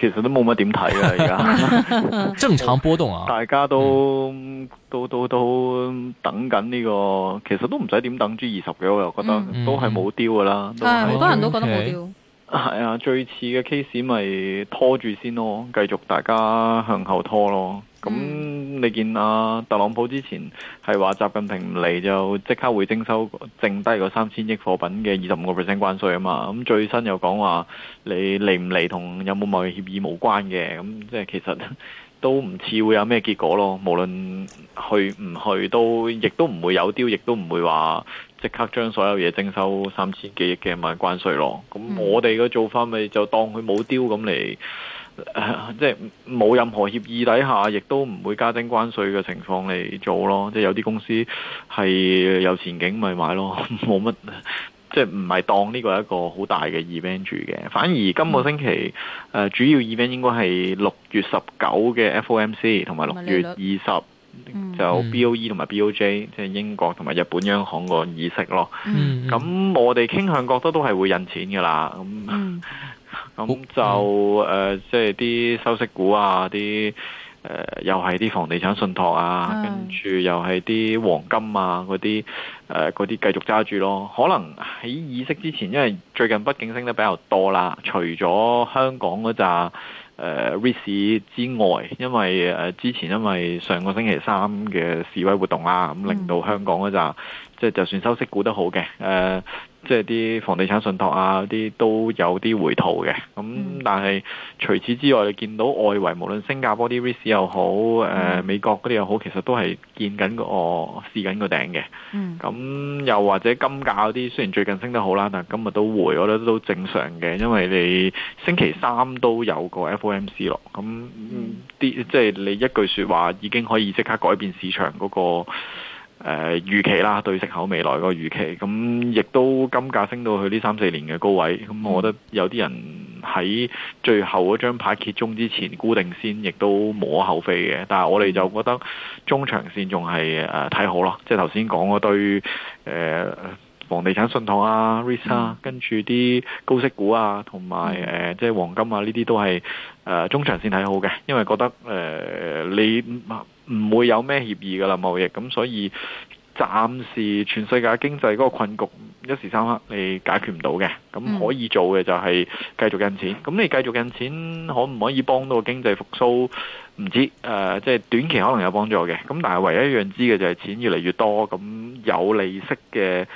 其實都冇乜點睇噶而家，正常波動啊！大家都都都都等緊呢、這個，其實都唔使點等住二十幾，我又覺得、嗯、都係冇丟噶啦。係好、哦、多人都覺得冇丟、哦。係、okay、啊，最次嘅 case 咪拖住先咯，繼續大家向後拖咯。咁、嗯、你見阿、啊、特朗普之前係話習近平唔嚟，就即刻會徵收剩低個三千億貨品嘅二十五個 percent 關稅啊嘛，咁最新又講話你嚟唔嚟同有冇貿易協議無關嘅，咁即係其實都唔似會有咩結果咯。無論去唔去都，亦都唔會有丟，亦都唔會話即刻將所有嘢徵收三千幾億嘅萬關稅咯。咁我哋嘅做法咪就當佢冇丟咁嚟。呃、即係冇任何協議底下，亦都唔會加徵關稅嘅情況嚟做咯。即係有啲公司係有前景咪買咯，冇乜，即係唔係當呢個係一個好大嘅 event 住嘅。反而今個星期誒、嗯呃，主要 event 應該係六月十九嘅 FOMC 同埋六月二十就 BOE 同埋 BOJ，嗯嗯即係英國同埋日本央行個議息咯。咁、嗯嗯、我哋傾向覺得都係會印錢噶啦。嗯嗯咁就誒，即係啲收息股啊，啲誒、呃、又係啲房地產信託啊，嗯、跟住又係啲黃金啊，嗰啲誒、嗰啲繼續揸住咯。可能喺意識之前，因為最近畢竟升得比較多啦，除咗香港嗰扎誒瑞 h 之外，因為、呃、之前因為上個星期三嘅示威活動啦，啊，咁、嗯嗯、令到香港嗰扎即係就算收息股都好嘅誒。呃即係啲房地產信託啊，啲都有啲回吐嘅。咁、嗯、但係除此之外，你見到外圍無論新加坡啲 REITs，又好、呃嗯，美國嗰啲又好，其實都係見緊、個試緊個頂嘅。咁、嗯、又或者金價嗰啲，雖然最近升得好啦，但今日都回，我覺得都正常嘅。因為你星期三都有個 FOMC 咯，咁、嗯、啲即係你一句說話已經可以即刻改變市場嗰、個。誒、呃、預期啦，對息口未來個預期，咁亦都金價升到去呢三四年嘅高位，咁我覺得有啲人喺最後嗰張牌揭盅之前沽定先，亦都無可厚非嘅。但係我哋就覺得中長線仲係睇好咯，即係頭先講個對、呃、房地產信託啊、REIT 啊、嗯，跟住啲高息股啊，同埋誒即係黃金啊呢啲都係誒、呃、中長線睇好嘅，因為覺得誒、呃、你。唔會有咩協議噶啦，貿易，咁所以暫時全世界經濟嗰個困局一時三刻你解決唔到嘅，咁可以做嘅就係繼續印錢。咁你繼續印錢，可唔可以幫到經濟復甦？唔知誒，即係短期可能有幫助嘅。咁但係唯一一樣知嘅就係錢越嚟越多，咁有利息嘅。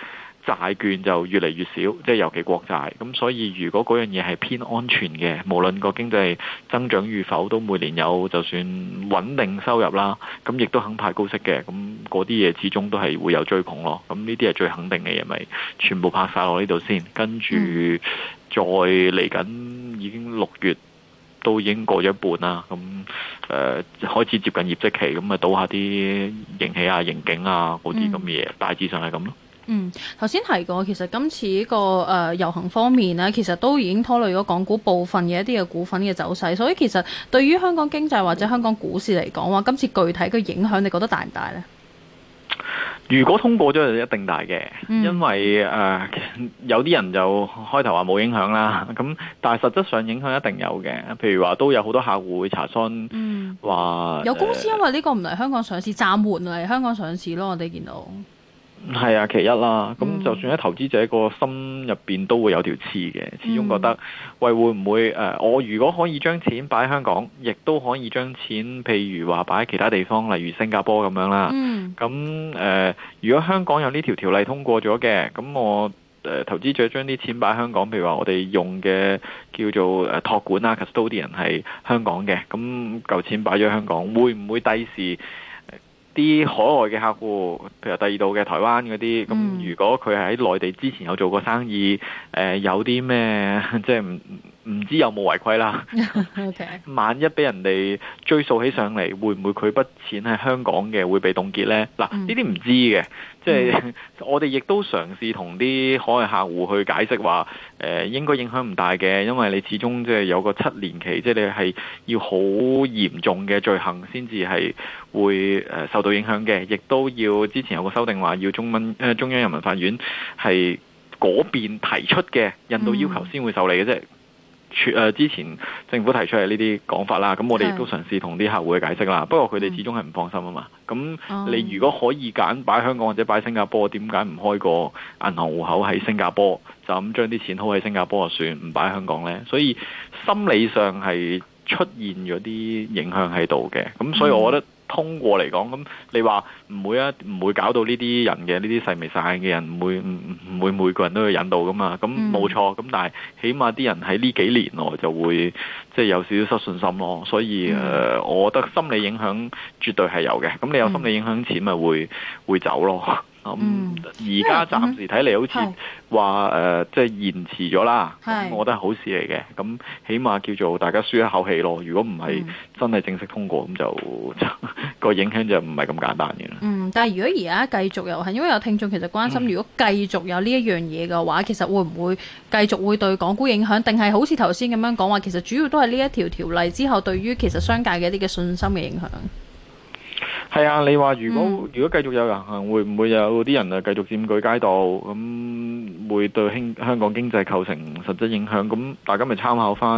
債券就越嚟越少，即係尤其國債。咁所以如果嗰樣嘢係偏安全嘅，無論個經濟增長與否，都每年有就算穩定收入啦。咁亦都肯派高息嘅。咁嗰啲嘢始終都係會有追捧咯。咁呢啲係最肯定嘅嘢，咪全部拍晒落呢度先。跟住再嚟緊，已經六月都已經過咗一半啦。咁誒、呃、開始接近業績期，咁咪倒下啲盈喜啊、盈警啊嗰啲咁嘅嘢，大致上係咁咯。嗯，頭先提過，其實今次呢、這個誒遊、呃、行方面呢，其實都已經拖累咗港股部分嘅一啲嘅股份嘅走勢。所以其實對於香港經濟或者香港股市嚟講，話今次具體嘅影響你覺得大唔大呢？如果通過咗就一定大嘅、嗯，因為誒、呃、有啲人就開頭話冇影響啦，咁但係實質上影響一定有嘅。譬如話都有好多客戶會查詢，話、嗯、有公司因為呢個唔嚟香港上市暫緩嚟香港上市咯。我哋見到。係啊，其一啦。咁就算喺投資者個心入面都會有條刺嘅，始終覺得喂，會唔會、呃、我如果可以將錢擺喺香港，亦都可以將錢譬如話擺喺其他地方，例如新加坡咁樣啦。咁、嗯、誒、呃，如果香港有呢條條例通過咗嘅，咁我、呃、投資者將啲錢擺喺香港，譬如話我哋用嘅叫做託管啦 custodian 係香港嘅，咁嚿錢擺咗香港，會唔會第時？啲海外嘅客戶，譬如第二度嘅台灣嗰啲，咁如果佢喺內地之前有做過生意，誒、呃，有啲咩，即係唔。唔知有冇違規啦。 okay. 萬一俾人哋追訴起上嚟，會唔會佢筆錢喺香港嘅會被凍結呢？嗱，呢啲唔知嘅。即係、嗯、我哋亦都嘗試同啲海外客戶去解釋話，誒、呃、應該影響唔大嘅，因為你始終即係有個七年期，即、就、係、是、你係要好嚴重嘅罪行先至係會受到影響嘅。亦都要之前有個修訂話，要中文、呃、中央人民法院係嗰邊提出嘅引渡要求先會受理嘅啫。嗯。誒，之前政府提出嚟呢啲講法啦，咁我哋亦都嘗試同啲客戶去解釋啦。不過佢哋始終係唔放心啊嘛。咁你如果可以揀擺香港或者擺新加坡，點解唔開個銀行戶口喺新加坡，就咁將啲錢開喺新加坡就算，唔擺香港咧？所以心理上係出現咗啲影響喺度嘅。咁所以我覺得。通過嚟講，咁你話唔會啊？唔會搞到呢啲人嘅呢啲細微散嘅人唔會唔會每個人都要引導㗎嘛？咁冇錯，咁、mm. 但係起碼啲人喺呢幾年內就會即係、就是、有少少失信心咯。所以誒、mm. 呃，我覺得心理影響絕對係有嘅。咁你有心理影響前會，錢咪會會走咯。咁而家暫時睇嚟好似話誒，即係、呃就是、延遲咗啦。我覺得係好事嚟嘅。咁起碼叫做大家舒一口氣咯。如果唔係真係正式通過，咁就，就 個影響就唔係咁簡單嘅啦。嗯，但係如果而家繼續又係，因為有聽眾其實關心，嗯、如果繼續有呢一樣嘢嘅話，其實會唔會繼續會對港股影響？定係好似頭先咁樣講話，其實主要都係呢一條條例之後，對於其實商界嘅一啲嘅信心嘅影響。係啊，你話如果如果繼續有人、行，嗯，會唔會有啲人啊繼續佔據街道？咁會對香港經濟構成實質影響？咁大家咪參考翻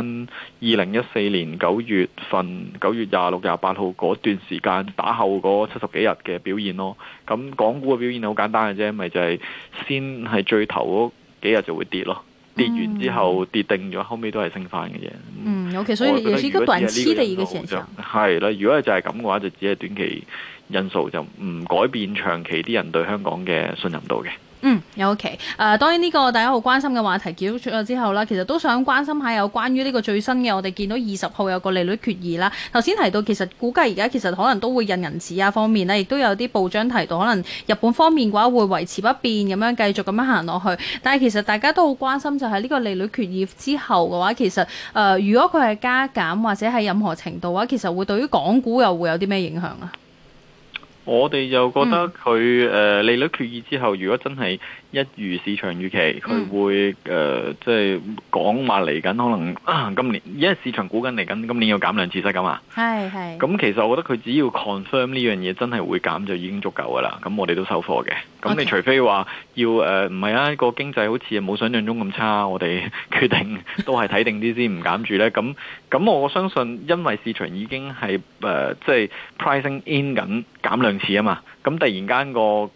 二零一四年九月份九月廿六、廿八號嗰段時間打後嗰七十幾日嘅表現咯。咁港股嘅表現好簡單嘅啫，咪就係、係、先係最頭嗰幾日就會跌咯。跌完之後跌定咗，後尾都係升翻嘅啫。嗯，OK，所以也是一個短期嘅一個選擇。係啦，如果係就係咁嘅話，就只係短期。因素就唔改變長期啲人對香港嘅信任度嘅、嗯。嗯，OK、呃。當然呢個大家好關心嘅話題結束咗之後啦，其實都想關心下有關於呢個最新嘅。我哋見到二十號有個利率決議啦。頭先提到其實估計而家其實可能都會印銀紙啊，方面呢，亦都有啲部長提到可能日本方面嘅話會維持不變咁樣，繼續咁樣行落去。但係其實大家都好關心就係呢個利率決議之後嘅話，其實、呃、如果佢係加減或者係任何程度嘅話，其實會對於港股又會有啲咩影響啊？我哋就覺得佢誒利率決議之後，嗯、如果真係一如市場預期，佢、嗯、會誒即係講話嚟緊，可能、呃、今年，因為市場估緊嚟緊今年要減兩次息嘛。係係。咁其實我覺得佢只要 confirm 呢樣嘢真係會減，就已經足夠噶啦。咁我哋都收貨嘅。咁你除非話要誒唔係啊？個經濟好似冇想象中咁差，我哋 決定都係睇定啲先，唔減住咧。咁咁，我相信因為市場已經係誒即係 pricing in 緊。減兩次啊嘛，咁突然間個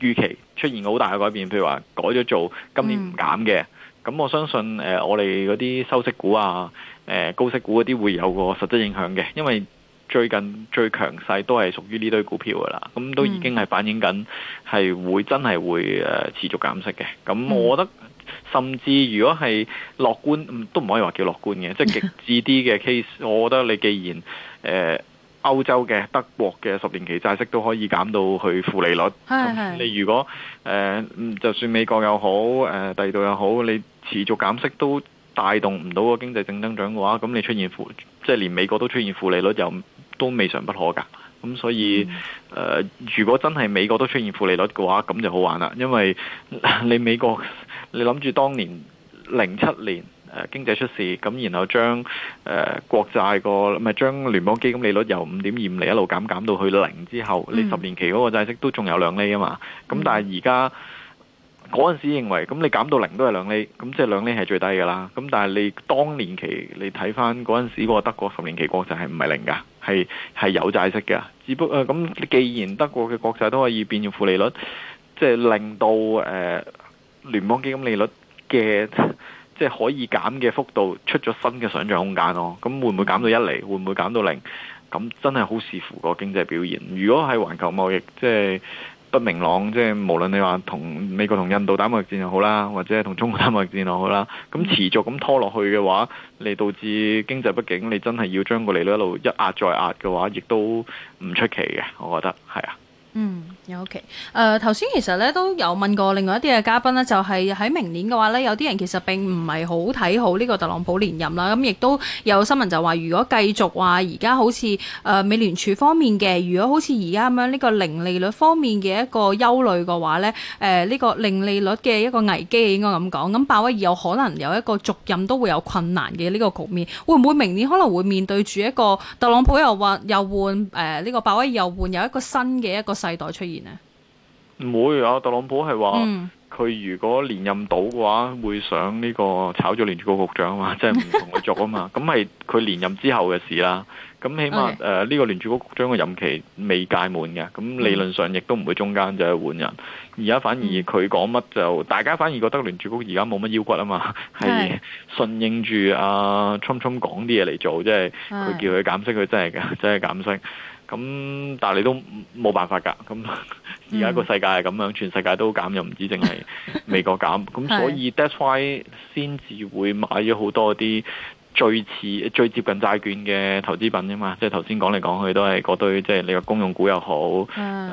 預期出現好大嘅改變，譬如話改咗做今年唔減嘅，咁、嗯、我相信誒、呃，我哋嗰啲收息股啊，誒、呃、高息股嗰啲會有個實質影響嘅，因為最近最強勢都係屬於呢堆股票噶啦，咁都已經係反映緊係會真係會誒持續減息嘅，咁我覺得甚至如果係樂觀，嗯、都唔可以話叫樂觀嘅，即係極致啲嘅 case， 我覺得你既然誒。呃歐洲嘅德國嘅十年期債息都可以減到去負利率。係係係，你如果誒、呃、就算美國又好，誒第二度又好，你持續減息都帶動唔到個經濟正增長嘅話，咁你出現負，即係連美國都出現負利率又都未嘗不可㗎。咁所以誒、嗯呃，如果真係美國都出現負利率嘅話，咁就好玩啦，因為你美國你諗住當年零七年。誒經濟出事，咁然後將誒、呃、國債個咪將聯邦基金利率由五點二五厘一路減減到去零之後，嗯、你十年期嗰個債息都仲有兩厘啊嘛。咁但係而家嗰陣時認為，咁你減到零都係兩厘，咁即係兩厘係最低噶啦。咁但係你當年期你睇翻嗰陣時個德國十年期國債係唔係零噶？係係有債息㗎。只不過咁。既然德國嘅國債都可以變做負利率，即、就、係、是、令到誒、呃、聯邦基金利率嘅。嗯即係可以減嘅幅度，出咗新嘅想像空間咯。咁會唔會減到一厘？會唔會減到零？咁真係好視乎個、啊、經濟表現。如果係環球貿易即係不明朗，即係無論你話同美國同印度打貿易戰又好啦，或者同中國打貿易戰又好啦，咁持續咁拖落去嘅話，你導致經濟不景，你真係要將個利率一路一壓再壓嘅話，亦都唔出奇嘅。我覺得係啊。嗯，OK。誒、呃，頭先其實咧都有問過另外一啲嘅嘉賓呢就係、是、喺明年嘅話咧，有啲人其實並唔係好睇好呢個特朗普連任啦。咁亦都有新聞就話，如果繼續話而家好似誒美聯儲方面嘅，如果好似而家咁樣呢個零利率方面嘅一個憂慮嘅話咧，呢、呃呢個零利率嘅一個危機應該咁講。咁鮑威爾有可能有一個續任都會有困難嘅呢個局面，會唔會明年可能會面對住一個特朗普又話又換呢、呃呢個鮑威爾又換有一個新嘅一個世代出現咧，唔會啊！特朗普係話佢如果連任到嘅話、嗯，會想呢個炒咗聯儲局局長啊嘛，即係唔同佢做啊嘛。咁係佢連任之後嘅事啦。咁起碼誒呢、okay. 呃呢個聯儲局局長嘅任期未屆滿嘅，咁理論上亦都唔會中間、嗯、就係、是、換人。而家反而佢講乜就，大家反而覺得聯儲局而家冇乜腰骨啊嘛，係順應住阿沖沖講啲嘢嚟做，即係佢叫佢減，減息，佢真係嘅，真係減息。咁但係你都冇辦法㗎，咁而家個世界係咁樣，嗯、全世界都減，又唔止淨係美國減，咁 所以 that's why 先至會買咗好多啲最似最接近債券嘅投資品嘛，即係頭先講嚟講去都係嗰堆，即、就、係、是、你個公用股又好，啲、嗯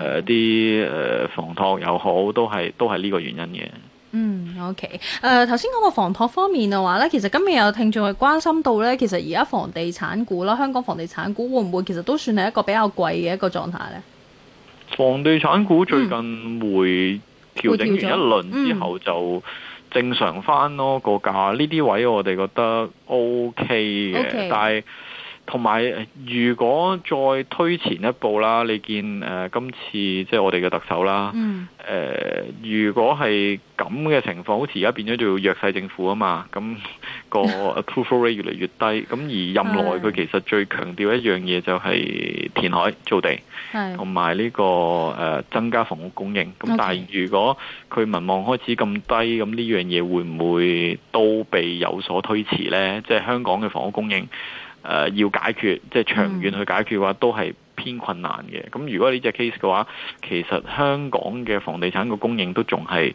呃、房託又好，都係都係呢個原因嘅。嗯，OK，誒頭先講個房託方面嘅話咧，其實今日有聽眾係關心到咧，其實而家房地產股啦，香港房地產股會唔會其實都算係一個比較貴嘅一個狀態咧？房地產股最近會調整完一輪之後就正常翻咯個價，呢、嗯、啲位我哋覺得 OK 嘅，okay。但係。同埋，如果再推前一步啦，你見誒、呃、今次即係我哋嘅特首啦，誒、嗯呃，如果係咁嘅情況好似而家變咗做弱勢政府啊嘛，咁個 approval rate 越嚟越低，咁 而任內佢其實最強調一樣嘢就係填海造地，同埋呢個誒、呃、增加房屋供應，咁、okay. 但係如果佢民望開始咁低，咁呢樣嘢會唔會都被有所推遲咧？即、就、係、是、香港嘅房屋供應。誒、呃、要解決，即係長遠去解決嘅話，都係偏困難嘅。咁、嗯、如果呢隻 case 嘅話，其實香港嘅房地產個供應都仲係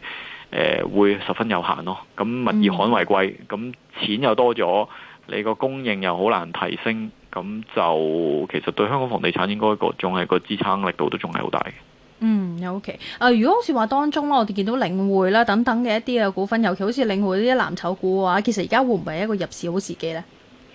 誒會十分有限咯。咁物以罕為貴，咁、嗯、錢又多咗，你個供應又好難提升，咁就其實對香港房地產應該個仲係個支撐力度都仲係好大嘅。嗯，OK。啊、呃，如果好似話當中啦，我哋見到領匯啦等等嘅一啲嘅股份，尤其好似領匯呢啲藍籌股嘅話，其實而家會唔會係一個入市好時機呢？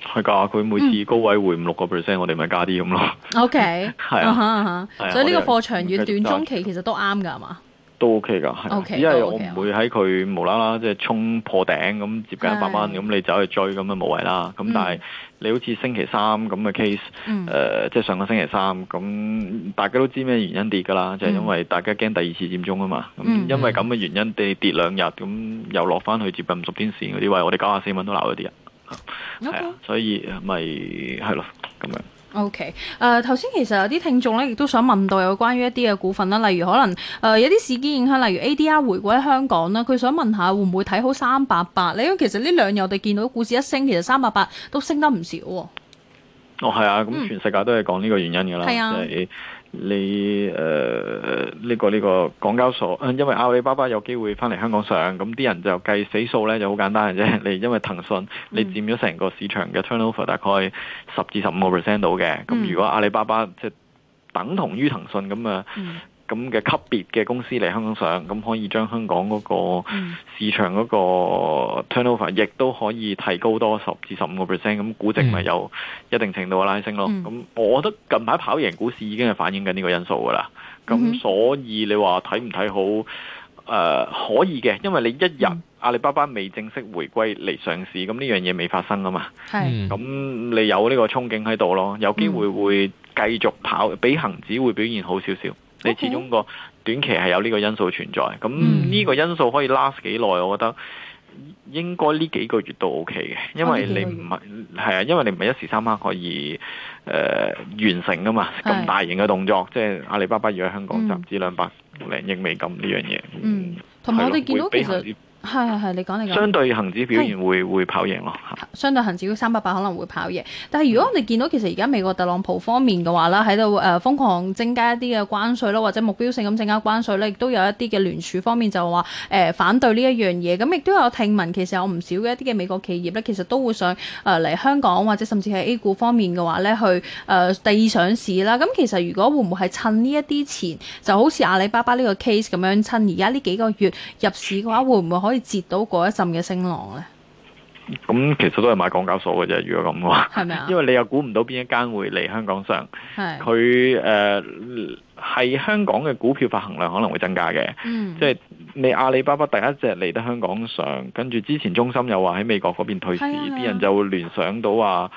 係噶，佢每次高位回五六個 percent，我哋咪加啲咁咯。O K，係啊，所以呢個貨長、遠短、中期其實都啱噶，係嘛？都 O K 噶，因係、okay, 我唔會喺佢無啦啦即係衝破頂咁接近一百蚊咁，okay, 可以嗯嗯、你走去追咁啊，冇謂啦。咁、嗯、但係你好似星期三咁嘅 case，誒、嗯、即、呃、係、就是、上個星期三咁，大家都知咩原因跌噶啦？就係、是、因為大家驚第二次占中啊嘛。咁、嗯嗯、因為咁嘅原因跌跌兩日，咁又落翻去接近五十天線嗰啲位，我哋九啊四蚊都留咗啲人。係啊，所以咪係咯，咁樣。O K，誒，頭先其實有啲聽眾咧，亦都想問到有關於一啲嘅股份啦，例如可能誒、呃、有啲事件影響，例如 A D R 回歸喺香港啦，佢想問下會唔會睇好三八八咧？因為其實呢兩日我哋見到股市一升，其實三八八都升得唔少，啊。哦，係啊，咁、嗯、全世界都係講呢個原因噶啦，啊，即係。你誒、呃，呢個呢個港交所，因為阿里巴巴有機會返嚟香港上，咁啲人就計死數呢就好簡單嘅啫。你因為騰訊、嗯，你佔咗成個市場嘅 turnover 大概十至十五個 percent 到嘅，咁如果阿里巴巴、嗯、即等同於騰訊咁啊。咁嘅級別嘅公司嚟香港上，咁可以將香港嗰個市場嗰個 turnover，亦都可以提高多十至十五個 percent，咁估值咪有一定程度嘅拉升咯。咁我覺得近排跑贏股市已經係反映緊呢個因素㗎啦。咁所以你話睇唔睇好？誒、呃，可以嘅，因為你一日阿里巴巴未正式回歸嚟上市，咁呢樣嘢未發生啊嘛。係。咁你有呢個憧憬喺度咯，有機會會繼續跑，比恒指會表現好少少。Okay。你始終個短期係有呢個因素存在，咁呢個因素可以 last 幾耐，我覺得應該呢幾個月都 OK 嘅，因為你唔係係啊，因為你唔係一時三刻可以誒、呃、完成㗎嘛，咁大型嘅動作，是即係阿里巴巴要喺香港集資兩百零億美金呢樣嘢，oh，嗯，同埋我哋見到係係係，你講你講，相對恒指表現會會跑贏咯、啊。相對恒指三百八可能會跑贏，但係如果我哋見到其實而家美國特朗普方面嘅話咧，喺度誒瘋狂增加一啲嘅關稅咯，或者目標性咁增加關稅咧，亦都有一啲嘅聯儲方面就話誒、呃、反對呢一樣嘢，咁亦都有聽聞其實有唔少嘅一啲嘅美國企業咧，其實都會想誒嚟、呃、香港或者甚至係 A 股方面嘅話咧，去誒、呃、第二上市啦。咁其實如果會唔會係趁呢一啲錢，就好似阿里巴巴呢個 case 咁樣趁而家呢幾個月入市嘅話，會唔會可以？接到嗰一陣嘅聲浪呢，咁其實都係買港交所嘅啫。如果咁嘅話，係咪啊？因為你又估唔到邊一間會嚟香港上，佢誒、係、呃、香港嘅股票發行量可能會增加嘅。即、嗯、係、就是、你阿里巴巴第一隻嚟得香港上，跟住之前中心又話喺美國嗰邊退市，啲、啊啊、人就會聯想到話。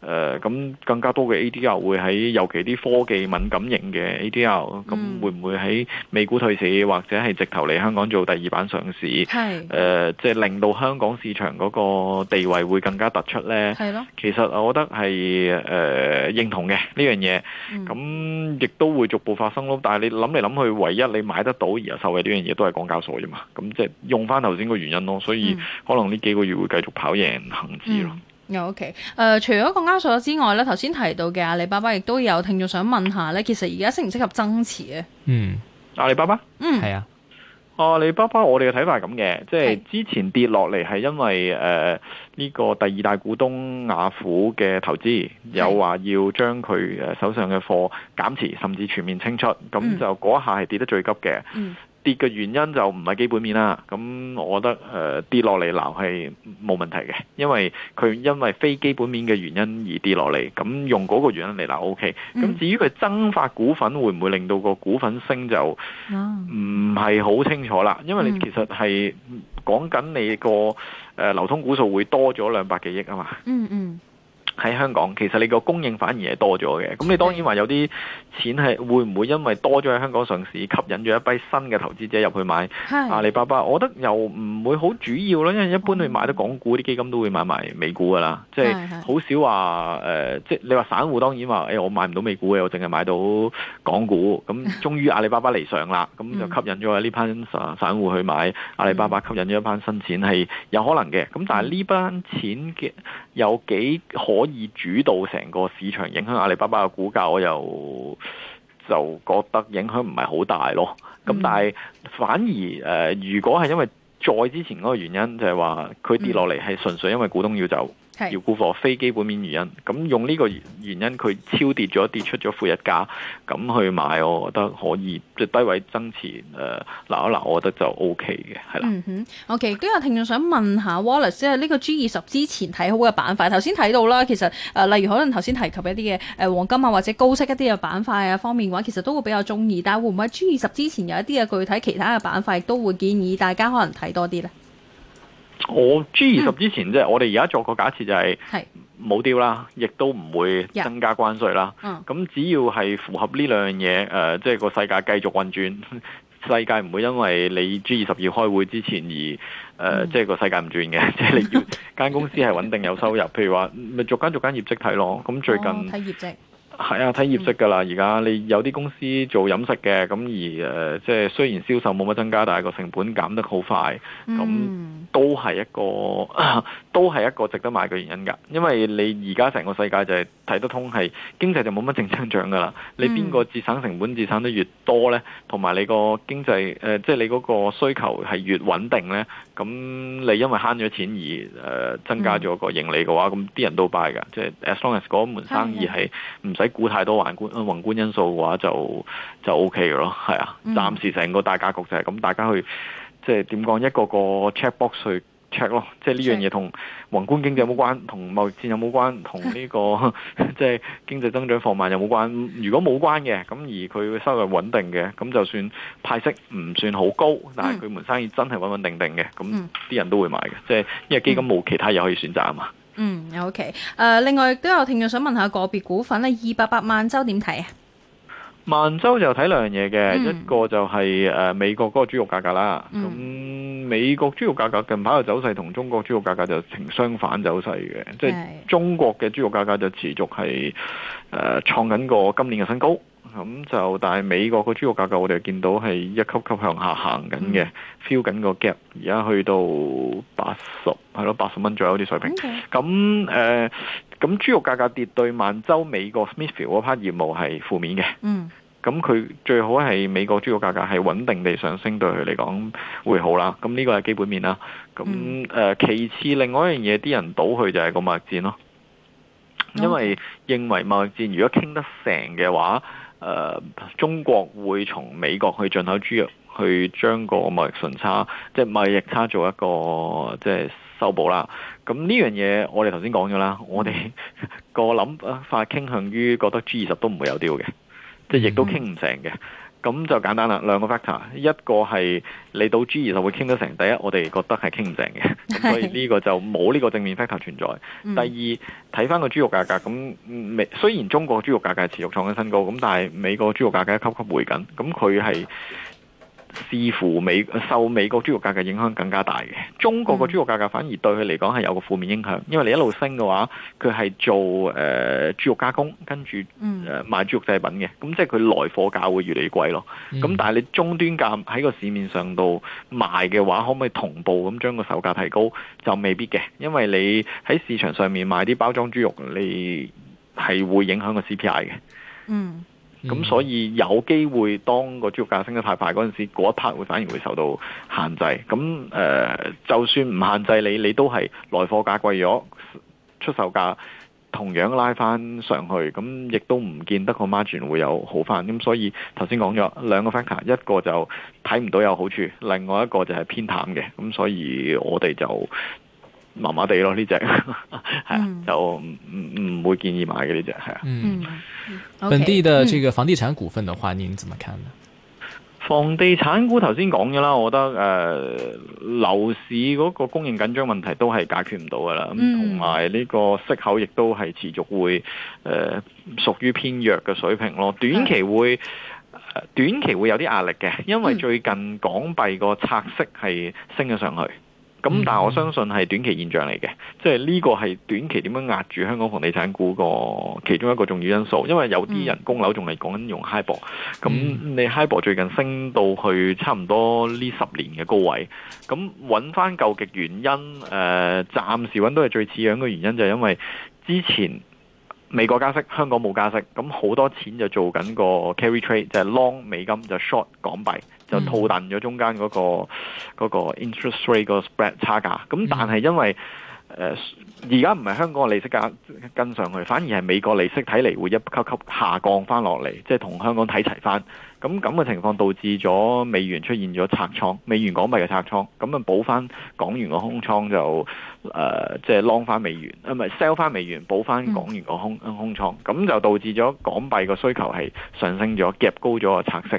誒、呃，咁更加多嘅 ADR 會喺，尤其啲科技敏感型嘅 ADR 咁、嗯、會唔會喺美股退市或者係直頭嚟香港做第二版上市？係誒、即、呃、係、就是、令到香港市場嗰個地位會更加突出咧。係咯，其實我覺得係誒、呃、認同嘅呢樣嘢，咁亦都會逐步發生咯。但係你諗嚟諗去，唯一你買得到而受惠呢樣嘢都係港交所啫嘛。咁即係用翻頭先個原因咯，所以可能呢幾個月會繼續跑贏恒指咯。OK，誒、呃，除咗個交所之外呢，頭先提到嘅阿里巴巴亦都有聽眾想問一下呢，其實而家適唔適合增持啊？嗯，阿里巴巴，嗯，係啊，阿里巴巴，我哋嘅睇法係咁嘅，即係之前跌落嚟係因為誒呢、呃這個第二大股東雅虎嘅投資，有話要將佢誒手上嘅貨減持，甚至全面清出，咁、嗯、就嗰一下係跌得最急嘅。嗯跌嘅原因就唔係基本面啦，咁我覺得誒、呃、跌落嚟鬧係冇問題嘅，因為佢因為非基本面嘅原因而跌落嚟，咁用嗰個原因嚟鬧 OK。咁至於佢增發股份會唔會令到個股份升就唔係好清楚啦，因為你其實係講緊你個誒流通股數會多咗兩百幾億啊嘛。嗯嗯。喺香港，其實你個供應反而係多咗嘅。咁你當然話有啲錢係會唔會因為多咗喺香港上市，吸引咗一批新嘅投資者入去買阿里巴巴？我覺得又唔會好主要啦，因為一般你買得港股啲、嗯、基金都會買埋美股噶啦、就是呃，即係好少話，即係你話散戶當然話，誒、哎、我買唔到美股嘅，我淨係買到港股。咁終於阿里巴巴嚟上啦，咁 就吸引咗呢班散戶去買阿里巴巴，吸引咗一班新錢係有可能嘅。咁但係呢班錢嘅有幾可？以主導成個市場，影響阿里巴巴嘅股價，我又就，就覺得影響唔係好大咯。咁但係反而誒、呃，如果係因為再之前嗰個原因，就係話佢跌落嚟係純粹因為股東要走。要沽貨非基本面原因，咁用呢個原因佢超跌咗，跌出咗負一價，咁去買我覺得可以，即低位增持。誒，嗱一嗱，我覺得就 O K 嘅，係啦。嗯哼，OK，今日聽眾想問一下 Wallace，即係呢個 G 二十之前睇好嘅板塊，頭先睇到啦，其實誒、呃，例如可能頭先提及一啲嘅誒黃金啊，或者高息一啲嘅板塊啊方面嘅話，其實都會比較鍾意。但係會唔會 G 二十之前有一啲嘅具體其他嘅板塊都會建議大家可能睇多啲咧？我 G 二十之前即係、嗯，我哋而家作個假設就係冇丟啦，亦都唔會增加關稅啦。咁、嗯、只要係符合呢兩樣嘢，誒、呃，即、就、係、是、個世界繼續運轉，世界唔會因為你 G 二十要開會之前而誒，即、呃、係、嗯就是、個世界唔轉嘅。即、嗯、係 你要間公司係穩定有收入，譬 如話咪逐間逐間業績睇咯。咁最近睇、哦、業績。係啊，睇業績噶啦，而家你有啲公司做飲食嘅，咁而即係、呃、雖然銷售冇乜增加，但係個成本減得好快，咁都係一個、mm. 啊、都係一個值得買嘅原因㗎。因為你而家成個世界就係睇得通，係經濟就冇乜正增長㗎啦。Mm. 你邊個節省成本節省得越多呢？同埋你個經濟即係、呃即係、你嗰個需求係越穩定呢。咁你因為慳咗錢而誒增加咗個盈利嘅話，咁、嗯、啲人都 buy 噶，即、就、係、是、as long as 嗰門生意係唔使估太多宏觀宏觀因素嘅話就，就就 OK 嘅咯，係啊、嗯，暫時成個大格局就係咁，大家去即係點講一個個 check box 去。咯，即係呢樣嘢同宏觀經濟有冇關？同貿易戰有冇關？同呢個即係經濟增長放慢有冇關？如果冇關嘅，咁而佢嘅收入穩定嘅，咁就算派息唔算好高，但係佢們生意真係穩穩定定嘅，咁啲人都會買嘅。即係因為基金冇其他嘢可以選擇啊嘛。嗯，OK。誒，另外都有聽眾想問下個別股份咧，二百八萬洲點睇啊？萬州就睇兩樣嘢嘅，一個就係誒美國嗰個豬肉價格啦。咁、嗯、美國豬肉價格近排嘅走勢同中國豬肉價格就呈相反走勢嘅，即係、就是、中國嘅豬肉價格就持續係誒、呃、創緊個今年嘅新高。咁就但係美國個豬肉價格我哋見到係一級級向下行緊嘅，feel 緊個 gap 而家去到八十係咯八十蚊左右啲水平。咁誒咁豬肉價格跌對萬州美國 Smithfield 嗰 part 業務係負面嘅。嗯咁佢最好係美國豬肉價格係穩定地上升，對佢嚟講會好啦。咁呢個係基本面啦。咁誒、嗯呃，其次另外一樣嘢，啲人賭佢就係個貿易戰咯。因為認為貿易戰如果傾得成嘅話，誒、呃，中國會從美國去進口豬肉，去將個貿易順差、嗯、即係貿易逆差做一個即係修補啦。咁呢樣嘢我哋頭先講咗啦，我哋個諗法傾向於覺得 G 二十都唔會有丟嘅。即係亦都傾唔成嘅，咁就簡單啦。兩個 factor，一個係你到 G2 就會傾得成，第一我哋覺得係傾唔成嘅，咁所以呢個就冇呢個正面 factor 存在。第二睇翻個豬肉價格，咁美雖然中國豬肉價格持續創新高，咁但係美國豬肉價格級級回緊，咁佢係。似乎美受美國豬肉價格影響更加大嘅，中國嘅豬肉價格反而對佢嚟講係有個負面影響，因為你一路升嘅話，佢係做誒豬肉加工，跟住誒賣豬肉製品嘅，咁即係佢來貨價會越嚟越貴咯。咁、嗯、但係你終端價喺個市面上度賣嘅話，可唔可以同步咁將個售價提高？就未必嘅，因為你喺市場上面賣啲包裝豬肉，你係會影響個 CPI 嘅。嗯。咁、嗯、所以有機會，當個豬肉價升得太快嗰陣時，嗰一 part 會反而會受到限制。咁、呃、就算唔限制你，你都係來貨價貴咗，出售價同樣拉翻上去。咁亦都唔見得個 margin 會有好翻。咁所以頭先講咗兩個 factor，一個就睇唔到有好處，另外一個就係偏淡嘅。咁所以我哋就。麻麻地咯，呢隻係啊，就唔唔會建議買嘅呢隻係啊。嗯，本地的這個房地產股份的話，您、嗯、怎麼看呢？房地產股頭先講咗啦，我覺得誒、呃、樓市嗰個供應緊張問題都係解決唔到噶啦，同埋呢個息口亦都係持續會誒、呃、屬於偏弱嘅水平咯。短期會、嗯、短期會有啲壓力嘅，因為最近港幣個拆息係升咗上去。咁、嗯嗯、但係我相信係短期現象嚟嘅，即係呢個係短期點樣壓住香港房地產股個其中一個重要因素，因為有啲人供樓仲係講緊用 HIBOR，咁你 HIBOR 最近升到去差唔多呢十年嘅高位，咁揾翻究極原因，誒、呃、暫時揾到係最似樣嘅原因就係因為之前。美國加息，香港冇加息，咁好多錢就做緊個 carry trade，就係 long 美金，就 short 港幣，就套戥咗中間嗰個嗰個 interest rate 個 spread 差價。咁但係因為，誒而家唔係香港嘅利息價跟上去，反而係美國利息睇嚟會一級級下降翻落嚟，即係同香港睇齊翻。咁咁嘅情況導致咗美元出現咗拆倉，美元港幣嘅拆倉，咁啊補翻港元個空倉就誒，即係 long 翻美元，唔、呃、係 sell 翻美元補翻港元個空、mm. 空倉。咁就導致咗港幣個需求係上升咗，夾高咗個拆息。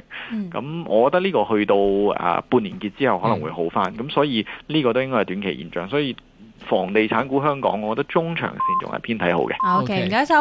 咁、mm. 我覺得呢個去到誒、呃、半年結之後可能會好翻，咁、mm. 所以呢個都應該係短期現象，所以。房地產股香港，我覺得中長線仲係偏睇好嘅。OK，唔該晒。